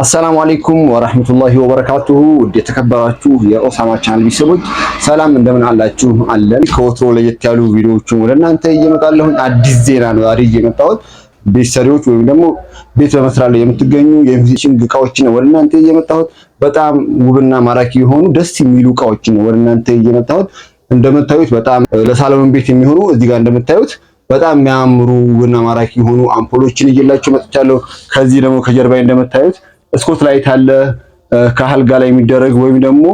አሰላሙ አሌይኩም ወራህመቱላሂ ወበረካቱሁ። ውድ የተከበራችሁ የኦሳማ ቻናል ቤተሰቦች ሰላም እንደምን አላችሁ? አለን ከወትሮ ለየት ያሉ ቪዲዮዎችን ወደ እናንተ እየመጣለሁኝ። አዲስ ዜና ነው ዛሬ እየመጣሁት። ቤት ሰሪዎች ወይም ደግሞ ቤት በመስራት ላይ የምትገኙ የኢንቨስቲንግ እቃዎችን ነው ወደ እናንተ እየመጣሁት። በጣም ውብና ማራኪ የሆኑ ደስ የሚሉ እቃዎችን ነው ወደ እናንተ እየመጣሁት። እንደምታዩት በጣም ለሳሎን ቤት የሚሆኑ እዚህ ጋር እንደምታዩት በጣም የሚያምሩ እና ማራኪ የሆኑ አምፖሎችን እየላችሁ መጥቻለሁ። ከዚህ ደግሞ ከጀርባዬ እንደምታዩት ስኮት ላይት አለ ከአልጋ ላይ የሚደረግ ወይም ደግሞ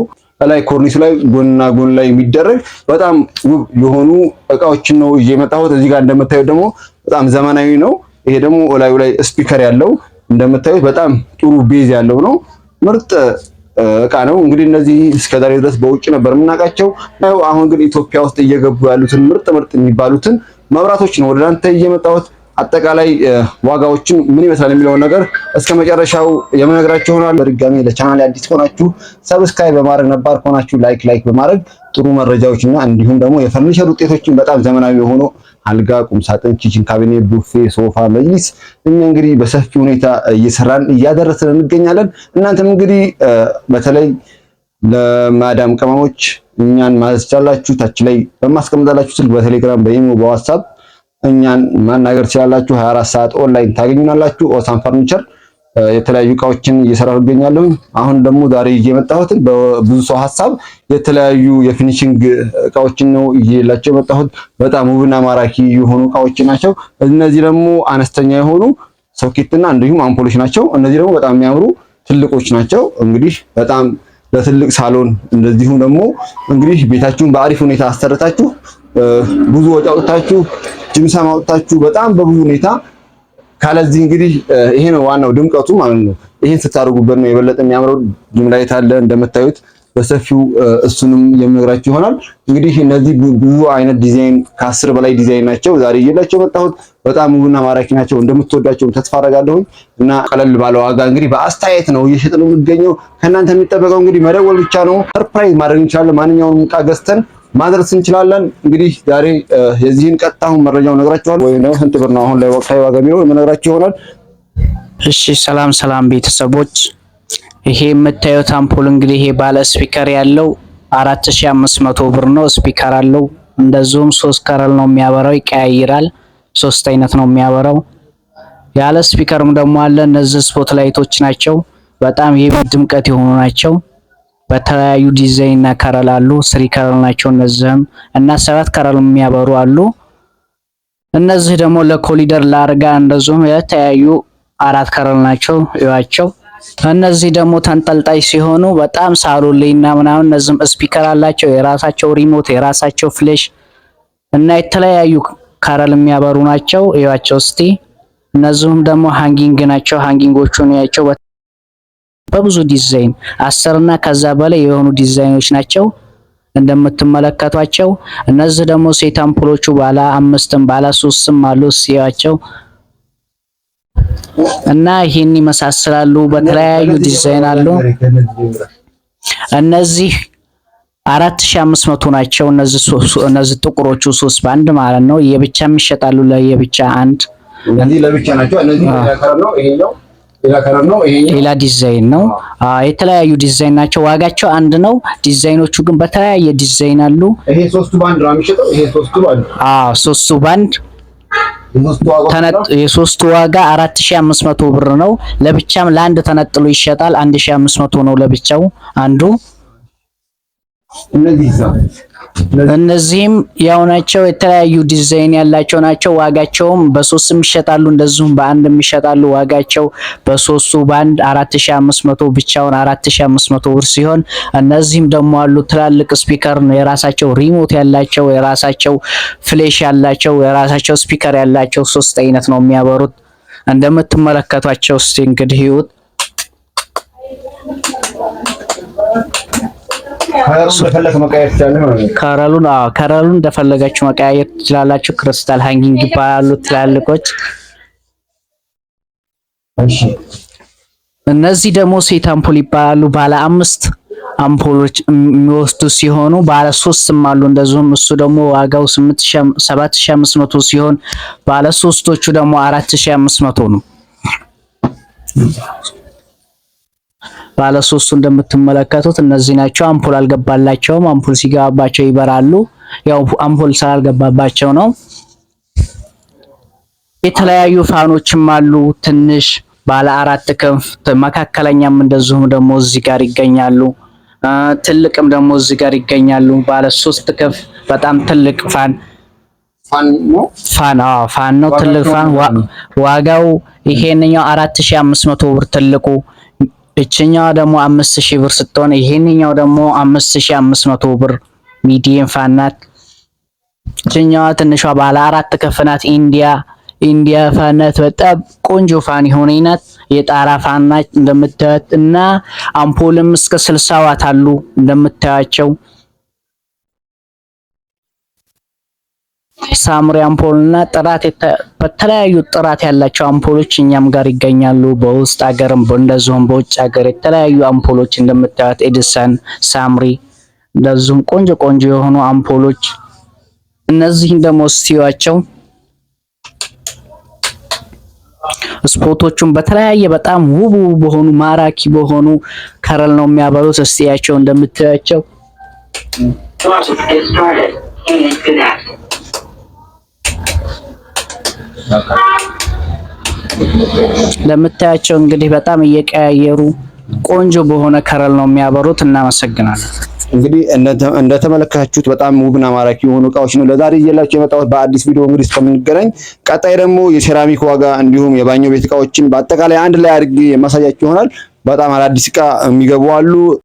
ላይ ኮርኒሱ ላይ ጎንና ጎን ላይ የሚደረግ በጣም ውብ የሆኑ እቃዎችን ነው እየመጣሁት። እዚህ ጋር እንደምታዩት ደግሞ በጣም ዘመናዊ ነው። ይሄ ደግሞ ላዩ ላይ ስፒከር ያለው እንደምታዩት በጣም ጥሩ ቤዝ ያለው ነው። ምርጥ እቃ ነው። እንግዲህ እነዚህ እስከዛሬ ድረስ በውጭ ነበር የምናውቃቸው። አሁን ግን ኢትዮጵያ ውስጥ እየገቡ ያሉትን ምርጥ ምርጥ የሚባሉትን መብራቶች ነው ወደ እናንተ እየመጣሁት አጠቃላይ ዋጋዎችን ምን ይመስላል የሚለውን ነገር እስከ መጨረሻው የምነግራችሁ ይሆናል። በድጋሚ ለቻናል አዲስ ከሆናችሁ ሰብስክራይብ በማድረግ ነባር ከሆናችሁ ላይክ ላይክ በማድረግ ጥሩ መረጃዎች እና እንዲሁም ደግሞ የፈርኒቸር ውጤቶችን በጣም ዘመናዊ የሆኑ አልጋ፣ ቁምሳጥን፣ ኪችን ካቢኔ፣ ቡፌ፣ ሶፋ፣ መጅሊስ እኛ እንግዲህ በሰፊ ሁኔታ እየሰራን እያደረስን እንገኛለን። እናንተም እንግዲህ በተለይ ለማዳም ቅመሞች እኛን ማዘዝ ትችላላችሁ። ታች ላይ በማስቀምጣላችሁ ስልክ በቴሌግራም በኢሞ በዋትሳፕ እኛን ማናገር ትችላላችሁ። 24 ሰዓት ኦንላይን ታገኙናላችሁ። ኦሳን ፈርኒቸር የተለያዩ እቃዎችን እየሰራሁ እገኛለሁ። አሁን ደግሞ ዛሬ ይዤ የመጣሁት በብዙ ሰው ሀሳብ የተለያዩ የፊኒሽንግ እቃዎችን ነው ይዤላቸው የመጣሁት። በጣም ውብና ማራኪ የሆኑ እቃዎች ናቸው። እነዚህ ደግሞ አነስተኛ የሆኑ ሶኬትና እንዲሁም አምፖሎች ናቸው። እነዚህ ደግሞ በጣም የሚያምሩ ትልቆች ናቸው። እንግዲህ በጣም በትልቅ ሳሎን እንደዚሁም ደግሞ እንግዲህ ቤታችሁን በአሪፍ ሁኔታ አሰርታችሁ ብዙ ወጪ አውጥታችሁ ጅምሰም አውጥታችሁ በጣም በብዙ ሁኔታ ካለዚህ እንግዲህ ይሄ ነው ዋናው ድምቀቱ ማለት ነው። ይሄን ስታደርጉበት ነው የበለጠ የሚያምረው። ጅምላ የት አለ እንደምታዩት በሰፊው እሱንም የሚነግራችሁ ይሆናል። እንግዲህ እነዚህ ብዙ አይነት ዲዛይን ከአስር በላይ ዲዛይን ናቸው ዛሬ እየላቸው መጣሁት በጣም ውብና ማራኪ ናቸው። እንደምትወዷቸውም ተስፋ አደርጋለሁኝ እና ቀለል ባለ ዋጋ እንግዲህ በአስተያየት ነው ነው የሚገኘው ከእናንተ የሚጠበቀው እንግዲህ መደወል ብቻ ነው። ሰርፕራይዝ ማድረግ እንችላለን። ማንኛውንም ዕቃ ገዝተን ማድረስ እንችላለን። እንግዲህ ዛሬ የዚህን ቀጥታ መረጃው ነግራችኋል ወይ ነው ደግሞ ስንት ብር ነው አሁን ላይ ወቅታዊ ዋጋ የሚለው የምነግራችሁ ይሆናል። እሺ፣ ሰላም ሰላም ቤተሰቦች ይሄ የምታዩት አምፖል እንግዲህ ይሄ ባለ ስፒከር ያለው 4500 ብር ነው። ስፒከር አለው እንደዚሁም ሶስት ከረል ነው የሚያበራው፣ ይቀያይራል። ሶስት አይነት ነው የሚያበራው። ያለ ስፒከርም ደግሞ አለ። እነዚህ ስፖት ላይቶች ናቸው። በጣም ይሄ ድምቀት የሆኑ ናቸው። በተለያዩ ዲዛይን እና ከረል አሉ። ስሪ ከረል ናቸው እነዚህም እና ሰባት ከረል የሚያበሩ አሉ። እነዚህ ደግሞ ለኮሊደር ላርጋ እንደዚሁም የተለያዩ አራት ከረል ናቸው ይዋቸው እነዚህ ደግሞ ተንጠልጣይ ሲሆኑ በጣም ሳሉልኝ እና ምናምን እነዚህም ስፒከር አላቸው፣ የራሳቸው ሪሞት፣ የራሳቸው ፍሌሽ እና የተለያዩ ካረል የሚያበሩ ናቸው። እዩዋቸው እስቲ። እነዚሁም ደግሞ ሃንጊንግ ናቸው። ሃንጊንጎቹን እያቸው በብዙ ዲዛይን አስር እና ከዛ በላይ የሆኑ ዲዛይኖች ናቸው እንደምትመለከቷቸው። እነዚህ ደግሞ ሴት አምፖሎቹ ባለ አምስትም ባለ ሶስትም አሉ ሲያቸው እና ይህን ይመሳሰላሉ። በተለያዩ ዲዛይን አሉ። እነዚህ 4500 ናቸው። እነዚህ እነዚህ ጥቁሮቹ ሶስት በአንድ ማለት ነው። የብቻ የሚሸጣሉ ለየብቻ አንድ እነዚህ ለብቻ ናቸው። እነዚህ ሌላ ዲዛይን ነው። የተለያዩ ዲዛይን ናቸው። ዋጋቸው አንድ ነው። ዲዛይኖቹ ግን በተለያየ ዲዛይን አሉ። ይሄ ሶስቱ ባንድ ነው የሚሸጠው። ይሄ ሶስቱ ባንድ የሶስቱ ዋጋ 4500 ብር ነው። ለብቻም ለአንድ ተነጥሎ ይሸጣል። 1500 ነው ለብቻው አንዱ እነዚህም ያው ናቸው። የተለያዩ ዲዛይን ያላቸው ናቸው። ዋጋቸውም በሶስት የሚሸጣሉ፣ እንደዚሁም በአንድ የሚሸጣሉ። ዋጋቸው በሶስቱ በአንድ 4500 ብቻውን 4500 ብር ሲሆን እነዚህም ደግሞ አሉ ትላልቅ ስፒከር ነው የራሳቸው ሪሞት ያላቸው የራሳቸው ፍሌሽ ያላቸው የራሳቸው ስፒከር ያላቸው ሶስት አይነት ነው የሚያበሩት እንደምትመለከቷቸው። እስቲ እንግዲህ ይዩት። ከረሉን ከረሉን እንደፈለጋችሁ መቀያየር ትችላላችሁ። ክሪስታል ሃንጊንግ ይባላሉ ትላልቆች። እነዚህ ደግሞ ሴት አምፖል ይባላሉ። ባለ አምስት አምፖሎች የሚወስዱ ሲሆኑ ባለ ሶስትም አሉ። እንደዚሁም እሱ ደግሞ ዋጋው 7500 ሲሆን ባለ ሶስቶቹ ደግሞ 4500 ነው። ባለ ሶስቱ እንደምትመለከቱት እነዚህ ናቸው። አምፖል አልገባላቸውም። አምፖል ሲገባባቸው ይበራሉ። ያው አምፖል ስላልገባባቸው ነው። የተለያዩ ፋኖችም አሉ። ትንሽ ባለ አራት ክንፍ፣ መካከለኛም እንደዚሁም ደግሞ እዚህ ጋር ይገኛሉ። ትልቅም ደግሞ እዚህ ጋር ይገኛሉ። ባለ ሶስት ክንፍ በጣም ትልቅ ፋን ፋን ፋን ነው። ትልቅ ፋን ዋጋው ይሄንኛው 4500 ብር ትልቁ እችኛዋ ደግሞ አምስት ሺህ ብር ስትሆን ይሄንኛው ደግሞ አምስት ሺህ አምስት መቶ ብር ሚዲየም ፋናት። እችኛዋ ትንሿ ባለ አራት ክፍናት ኢንዲያ ኢንዲያ ፋናት በጣም ቆንጆ ፋን የሆነ ናት። የጣራ ፋናት እንደምታዩት እና አምፖልም እስከ ስልሳ ዋት አሉ እንደምታያቸው ሳምሪ አምፖል እና ጥራት በተለያዩ ጥራት ያላቸው አምፖሎች እኛም ጋር ይገኛሉ። በውስጥ ሀገርም እንደዚሁም በውጭ ሀገር የተለያዩ አምፖሎች እንደምታዩት ኤዲሰን፣ ሳምሪ እንደዚሁም ቆንጆ ቆንጆ የሆኑ አምፖሎች እነዚህን ደግሞ ስቲዋቸው ስፖቶቹን በተለያየ በጣም ውብ በሆኑ ማራኪ በሆኑ ከረል ነው የሚያበሩት። እስቲያቸው እንደምታያቸው ለምታያቸው እንግዲህ በጣም እየቀያየሩ ቆንጆ በሆነ ከረል ነው የሚያበሩት። እናመሰግናለን። እንግዲህ እንደተመለከታችሁት በጣም ውብና ማራኪ የሆኑ እቃዎች ነው ለዛሬ ይዤላችሁ የመጣሁት። በአዲስ ቪዲዮ እንግዲህ እስከምንገናኝ ቀጣይ ደግሞ የሴራሚክ ዋጋ እንዲሁም የባኞ ቤት እቃዎችን በአጠቃላይ አንድ ላይ አድርጌ የማሳያችሁ ይሆናል። በጣም አዳዲስ እቃ የሚገቡ አሉ።